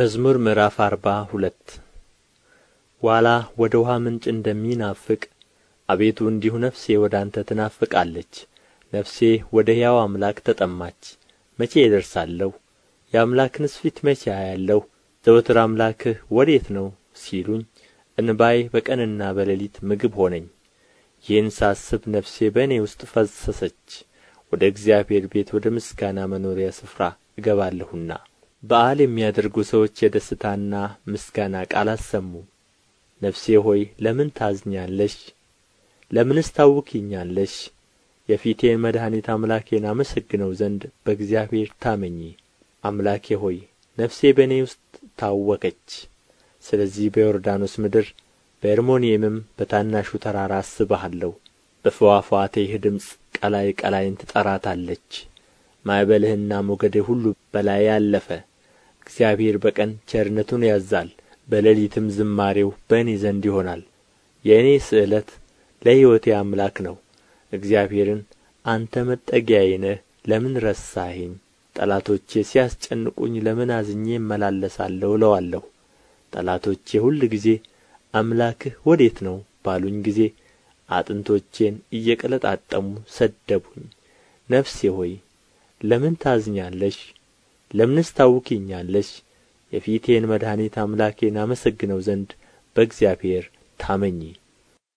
መዝሙር ምዕራፍ አርባ ሁለት ዋላ ወደ ውሃ ምንጭ እንደሚናፍቅ አቤቱ እንዲሁ ነፍሴ ወደ አንተ ትናፍቃለች። ነፍሴ ወደ ሕያው አምላክ ተጠማች። መቼ እደርሳለሁ? የአምላክንስ ፊት መቼ አያለሁ? ዘወትር አምላክህ ወዴት ነው ሲሉኝ፣ እንባዬ በቀንና በሌሊት ምግብ ሆነኝ። ይህን ሳስብ ነፍሴ በእኔ ውስጥ ፈሰሰች። ወደ እግዚአብሔር ቤት ወደ ምስጋና መኖሪያ ስፍራ እገባለሁና በዓል የሚያደርጉ ሰዎች የደስታና ምስጋና ቃል አሰሙ። ነፍሴ ሆይ ለምን ታዝኛለሽ? ለምንስ ታውኪኛለሽ? የፊቴን መድኃኒት አምላኬን አመሰግነው ዘንድ በእግዚአብሔር ታመኚ። አምላኬ ሆይ ነፍሴ በእኔ ውስጥ ታወከች። ስለዚህ በዮርዳኖስ ምድር በኤርሞንየምም በታናሹ ተራራ አስብሃለሁ። በፏፏቴህ ድምፅ ቀላይ ቀላይን ትጠራታለች። ማዕበልህና ሞገድህ ሁሉ በላይ አለፈ። እግዚአብሔር በቀን ቸርነቱን ያዛል። በሌሊትም ዝማሬው በእኔ ዘንድ ይሆናል የእኔ ስእለት ለሕይወቴ አምላክ ነው እግዚአብሔርን አንተ መጠጊያዬ ነህ ለምን ረሳኸኝ ጠላቶቼ ሲያስጨንቁኝ ለምን አዝኜ እመላለሳለሁ እለዋለሁ ጠላቶቼ ሁል ጊዜ አምላክህ ወዴት ነው ባሉኝ ጊዜ አጥንቶቼን እየቀለጣጠሙ ሰደቡኝ ነፍሴ ሆይ ለምን ታዝኛለሽ ለምንስ ታውኪኛለሽ የፊቴን መድኃኒት አምላኬን አመሰግነው ዘንድ በእግዚአብሔር ታመኚ